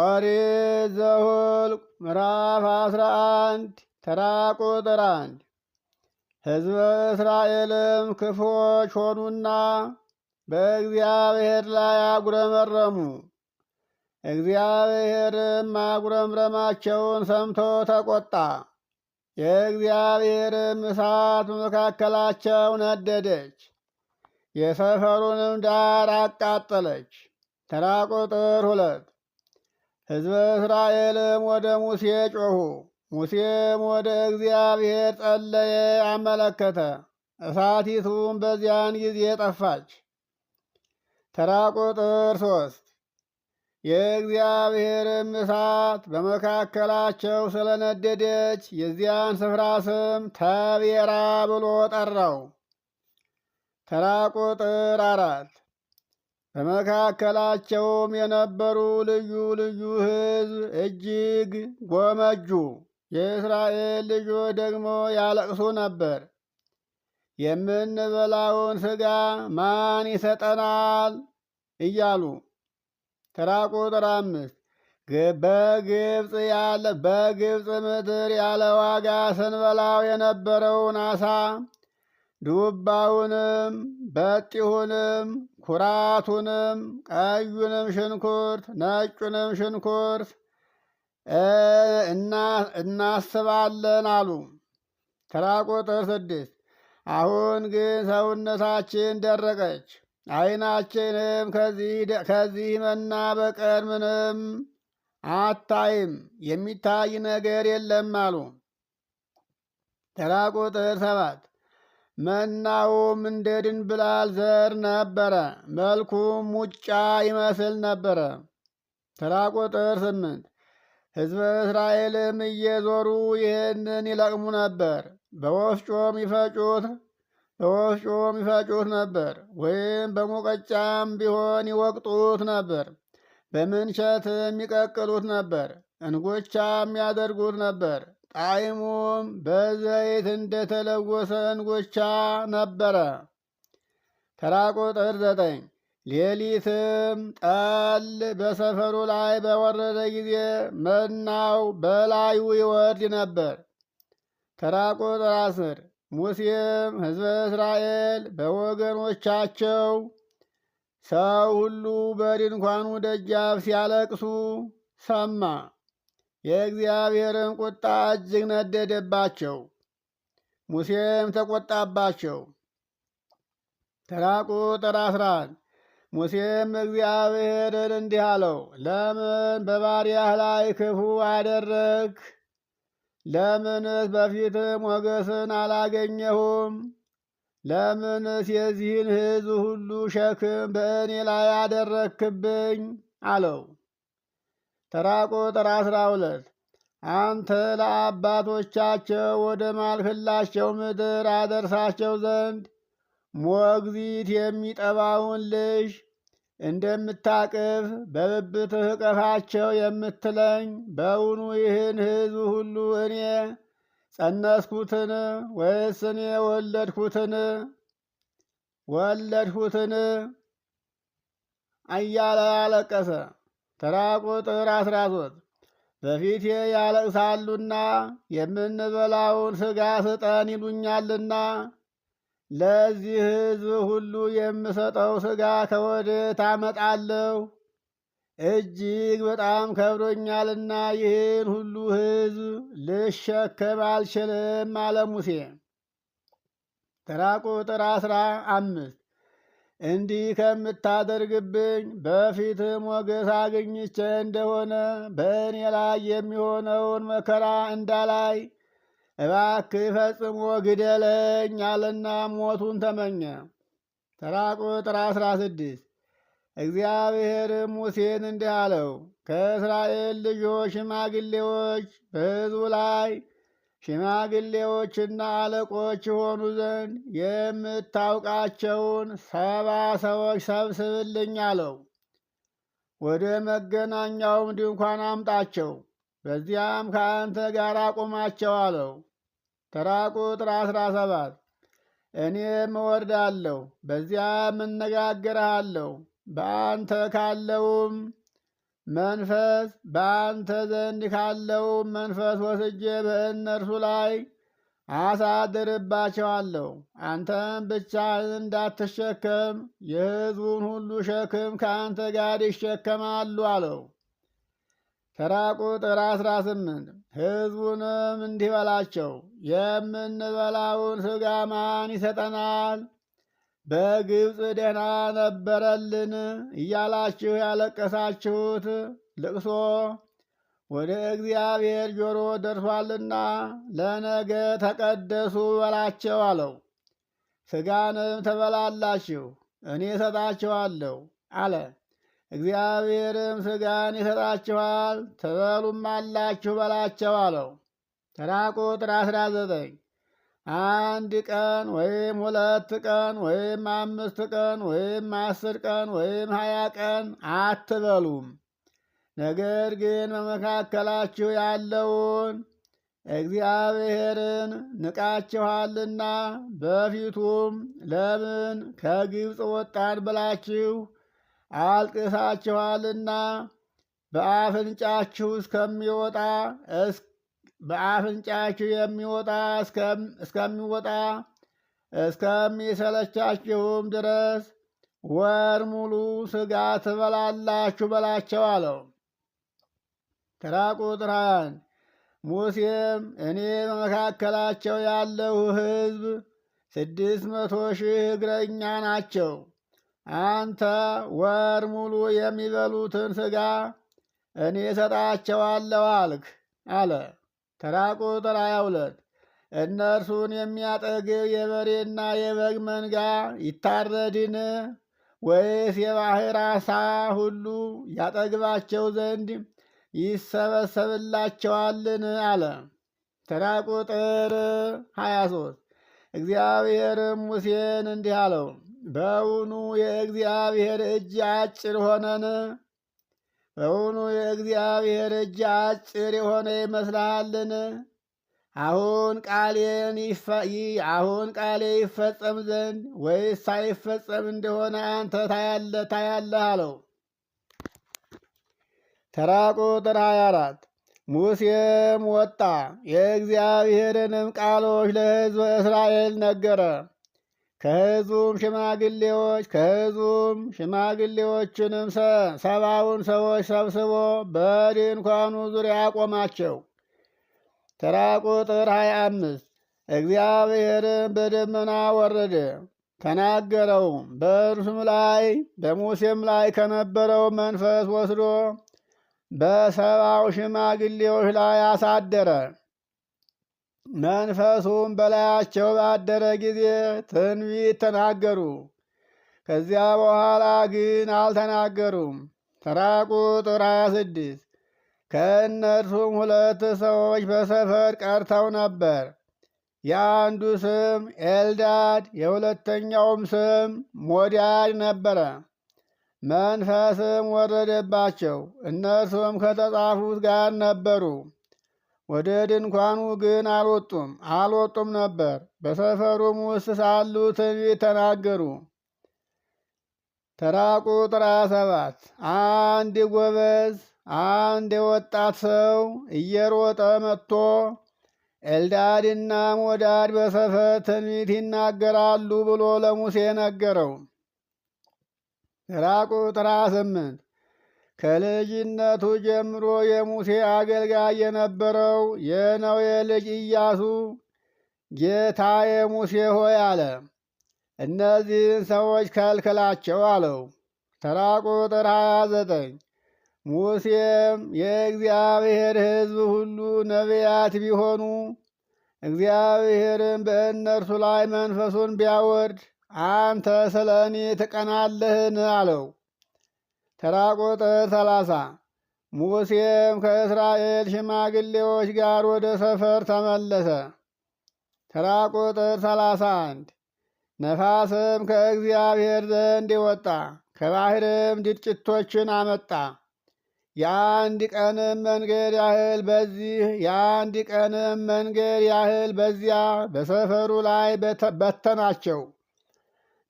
ኦሪት ዘኍልቍ ምዕራፍ አስራ አንድ ተራ ቁጥር አንድ ሕዝበ እስራኤልም ክፎች ሆኑና በእግዚአብሔር ላይ አጉረመረሙ። እግዚአብሔርም ማጉረምረማቸውን ሰምቶ ተቆጣ። የእግዚአብሔርም እሳት በመካከላቸው ነደደች፣ የሰፈሩንም ዳር አቃጠለች። ተራ ቁጥር ሁለት ሕዝበ እስራኤልም ወደ ሙሴ ጮኹ። ሙሴም ወደ እግዚአብሔር ጸለየ፣ አመለከተ። እሳቲቱም በዚያን ጊዜ ጠፋች። ተራ ቁጥር ሶስት የእግዚአብሔርም እሳት በመካከላቸው ስለነደደች የዚያን ስፍራ ስም ተቤራ ብሎ ጠራው። ተራ ቁጥር አራት በመካከላቸውም የነበሩ ልዩ ልዩ ሕዝብ እጅግ ጎመጁ። የእስራኤል ልጆች ደግሞ ያለቅሱ ነበር። የምንበላውን ሥጋ ማን ይሰጠናል? እያሉ ተራ ቁጥር አምስት በግብፅ ያለ በግብፅ ምድር ያለ ዋጋ ስንበላው የነበረውን አሳ ዱባውንም በጢሁንም ኩራቱንም ቀዩንም ሽንኩርት ነጩንም ሽንኩርት እናስባለን አሉ። ተራ ቁጥር ስድስት አሁን ግን ሰውነታችን ደረቀች፣ ዓይናችንም ከዚህ መና በቀር ምንም አታይም፣ የሚታይ ነገር የለም አሉ። ተራ ቁጥር ሰባት መናውም እንደ ድንብላል ዘር ነበረ፣ መልኩም ሙጫ ይመስል ነበረ። ተራ ቁጥር ስምንት ሕዝበ እስራኤልም እየዞሩ ይህንን ይለቅሙ ነበር፣ በወፍጮም ይፈጩት በወፍጮም ይፈጩት ነበር፣ ወይም በሙቀጫም ቢሆን ይወቅጡት ነበር። በምንቸትም ይቀቅሉት ነበር፣ እንጎቻም ያደርጉት ነበር። ጣዕሙም በዘይት እንደተለወሰ እንጎቻ ነበረ። ተራ ቁጥር ዘጠኝ ሌሊትም ጠል በሰፈሩ ላይ በወረደ ጊዜ መናው በላዩ ይወርድ ነበር። ተራ ቁጥር አስር ሙሴም ሕዝበ እስራኤል በወገኖቻቸው ሰው ሁሉ በድንኳኑ ደጃፍ ሲያለቅሱ ሰማ። የእግዚአብሔርን ቁጣ እጅግ ነደደባቸው። ሙሴም ተቆጣባቸው። ተራ ቁጥር አስራ አንድ ሙሴም እግዚአብሔርን እንዲህ አለው፣ ለምን በባሪያህ ላይ ክፉ አደረግ? ለምንስ በፊትም ሞገስን አላገኘሁም? ለምንስ የዚህን ሕዝብ ሁሉ ሸክም በእኔ ላይ አደረግክብኝ? አለው። ተራ ቁጥር አስራ ሁለት አንተ ለአባቶቻቸው ወደ ማልህላቸው ምድር አደርሳቸው ዘንድ ሞግዚት የሚጠባውን ልጅ እንደምታቅፍ በብብትህ እቀፋቸው የምትለኝ በውኑ ይህን ሕዝብ ሁሉ እኔ ጸነስኩትን ወይስ እኔ ወለድኩትን ወለድኩትን እያለ አለቀሰ። ተራ ቁጥር አስራ ሶስት በፊቴ ያለቅሳሉና የምንበላውን ሥጋ ስጠን ይሉኛልና ለዚህ ሕዝብ ሁሉ የምሰጠው ሥጋ ከወዴት አመጣለሁ? እጅግ በጣም ከብዶኛልና ይህን ሁሉ ሕዝብ ልሸከም አልችልም አለ ሙሴ። ተራ ቁጥር አስራ አምስት እንዲህ ከምታደርግብኝ በፊት ሞገስ አግኝቼ እንደሆነ በእኔ ላይ የሚሆነውን መከራ እንዳላይ እባክህ ፈጽሞ ግደለኝ አለና ሞቱን ተመኘ። ተራ ቁጥር 16 እግዚአብሔርም ሙሴን እንዲህ አለው ከእስራኤል ልጆች ሽማግሌዎች በሕዝቡ ላይ ሽማግሌዎችና አለቆች የሆኑ ዘንድ የምታውቃቸውን ሰባ ሰዎች ሰብስብልኝ አለው። ወደ መገናኛውም ድንኳን አምጣቸው፣ በዚያም ከአንተ ጋር አቁማቸው አለው። ተራ ቁጥር አስራ ሰባት እኔም እወርዳለሁ፣ በዚያም እነጋገርሃለሁ፣ በአንተ ካለውም መንፈስ በአንተ ዘንድ ካለው መንፈስ ወስጄ በእነርሱ ላይ አሳድርባቸዋለሁ። አንተም ብቻህን እንዳትሸከም የሕዝቡን ሁሉ ሸክም ከአንተ ጋር ይሸከማሉ አለው። ተራ ቁጥር አስራ ስምንት ሕዝቡንም እንዲህ በላቸው የምንበላውን ሥጋ ማን ይሰጠናል? በግብፅ ደህና ነበረልን እያላችሁ ያለቀሳችሁት ልቅሶ ወደ እግዚአብሔር ጆሮ ደርሷልና ለነገ ተቀደሱ በላቸው አለው። ሥጋንም ተበላላችሁ እኔ እሰጣችኋለሁ አለ። እግዚአብሔርም ሥጋን ይሰጣችኋል ትበሉም አላችሁ በላቸው አለው። ተራ ቁጥር አስራ ዘጠኝ አንድ ቀን ወይም ሁለት ቀን ወይም አምስት ቀን ወይም አስር ቀን ወይም ሀያ ቀን አትበሉም። ነገር ግን በመካከላችሁ ያለውን እግዚአብሔርን ንቃችኋልና በፊቱም ለምን ከግብፅ ወጣን ብላችሁ አልቅሳችኋልና በአፍንጫችሁ እስከሚወጣ በአፍንጫችሁ የሚወጣ እስከሚወጣ እስከሚሰለቻችሁም ድረስ ወር ሙሉ ስጋ ትበላላችሁ በላቸው አለው። ተራ ቁጥር አንድ ሙሴም እኔ በመካከላቸው ያለው ሕዝብ ስድስት መቶ ሺህ እግረኛ ናቸው። አንተ ወር ሙሉ የሚበሉትን ስጋ እኔ እሰጣቸዋለሁ አልክ አለ። ተራ ቁጥር ሃያ እነርሱን የሚያጠግብ የበሬና የበግ መንጋ ይታረድን ወይስ የባህር አሳ ሁሉ ያጠግባቸው ዘንድ ይሰበሰብላቸዋልን? አለ። ተራ ቁጥር 23 እግዚአብሔርም ሙሴን እንዲህ አለው፣ በውኑ የእግዚአብሔር እጅ አጭር ሆነን በውኑ የእግዚአብሔር እጅ አጭር የሆነ ይመስልሃልን? አሁን ቃሌን አሁን ቃሌ ይፈጸም ዘንድ ወይስ ሳይፈጸም እንደሆነ አንተ ታያለ ታያለህ አለው። ተራ ቁጥር 24 ሙሴም ወጣ የእግዚአብሔርንም ቃሎች ለሕዝብ እስራኤል ነገረ። ከሕዝቡም ሽማግሌዎች ከሕዝቡም ሽማግሌዎችንም ሰባውን ሰዎች ሰብስቦ በድንኳኑ ዙሪያ አቆማቸው። ተራ ቁጥር 25 አምስት እግዚአብሔርም በደመና ወረደ ተናገረው! በእርሱም ላይ በሙሴም ላይ ከነበረው መንፈስ ወስዶ በሰባው ሽማግሌዎች ላይ አሳደረ። መንፈሱም በላያቸው ባደረ ጊዜ ትንቢት ተናገሩ። ከዚያ በኋላ ግን አልተናገሩም። ተራ ቁጥር 26 ከእነርሱም ሁለት ሰዎች በሰፈር ቀርተው ነበር። የአንዱ ስም ኤልዳድ የሁለተኛውም ስም ሞዳድ ነበረ። መንፈስም ወረደባቸው፣ እነርሱም ከተጻፉት ጋር ነበሩ። ወደ ድንኳኑ ግን አልወጡም አልወጡም ነበር። በሰፈሩም ውስጥ ሳሉ ትንቢት ተናገሩ። ተራ ቁጥር ሰባት አንድ ጎበዝ አንድ የወጣት ሰው እየሮጠ መጥቶ ኤልዳድና ሞዳድ በሰፈር ትንቢት ይናገራሉ ብሎ ለሙሴ ነገረው። ተራ ቁጥር ስምንት ከልጅነቱ ጀምሮ የሙሴ አገልጋይ የነበረው የነዌ ልጅ ኢያሱ ጌታ የሙሴ ሆይ አለ፣ እነዚህን ሰዎች ከልክላቸው አለው። ተራ ቁጥር 29 ሙሴም የእግዚአብሔር ሕዝብ ሁሉ ነቢያት ቢሆኑ እግዚአብሔርም በእነርሱ ላይ መንፈሱን ቢያወርድ አንተ ስለ እኔ ትቀናለህን? አለው። ተራ ቁጥር ሰላሳ ሙሴም ከእስራኤል ሽማግሌዎች ጋር ወደ ሰፈር ተመለሰ። ተራ ቁጥር ሰላሳ አንድ ነፋስም ከእግዚአብሔር ዘንድ ወጣ፣ ከባህርም ድርጭቶችን አመጣ። የአንድ ቀንም መንገድ ያህል በዚህ የአንድ ቀንም መንገድ ያህል በዚያ በሰፈሩ ላይ በተናቸው።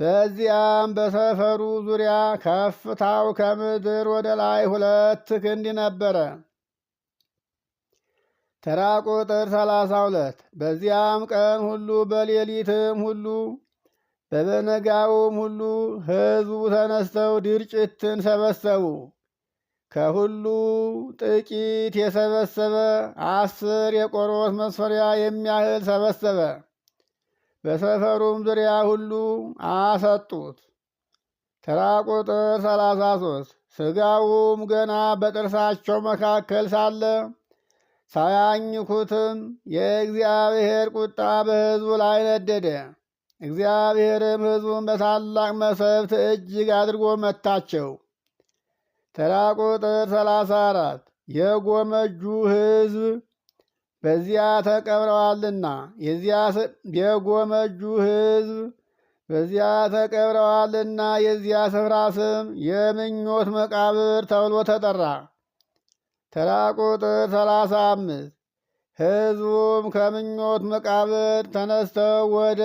በዚያም በሰፈሩ ዙሪያ ከፍታው ከምድር ወደ ላይ ሁለት ክንድ ነበረ። ተራ ቁጥር 32 በዚያም ቀን ሁሉ በሌሊትም ሁሉ በበነጋውም ሁሉ ሕዝቡ ተነስተው ድርጭትን ሰበሰቡ። ከሁሉ ጥቂት የሰበሰበ አስር የቆሮስ መስፈሪያ የሚያህል ሰበሰበ። በሰፈሩም ዙሪያ ሁሉ አሰጡት። ተራ ቁጥር 33 ስጋውም ገና በጥርሳቸው መካከል ሳለ ሳያኝኩትም የእግዚአብሔር ቁጣ በሕዝቡ ላይ ነደደ። እግዚአብሔርም ሕዝቡን በታላቅ መሰብት እጅግ አድርጎ መታቸው። ተራ ቁጥር ሰላሳ የጎመጁ ሕዝብ በዚያ ተቀብረዋልና የዚያ የጎመጁ ሕዝብ በዚያ ተቀብረዋልና የዚያ ስፍራ ስም የምኞት መቃብር ተብሎ ተጠራ። ተራ ቁጥር ሰላሳ አምስት ሕዝቡም ከምኞት መቃብር ተነስተው ወደ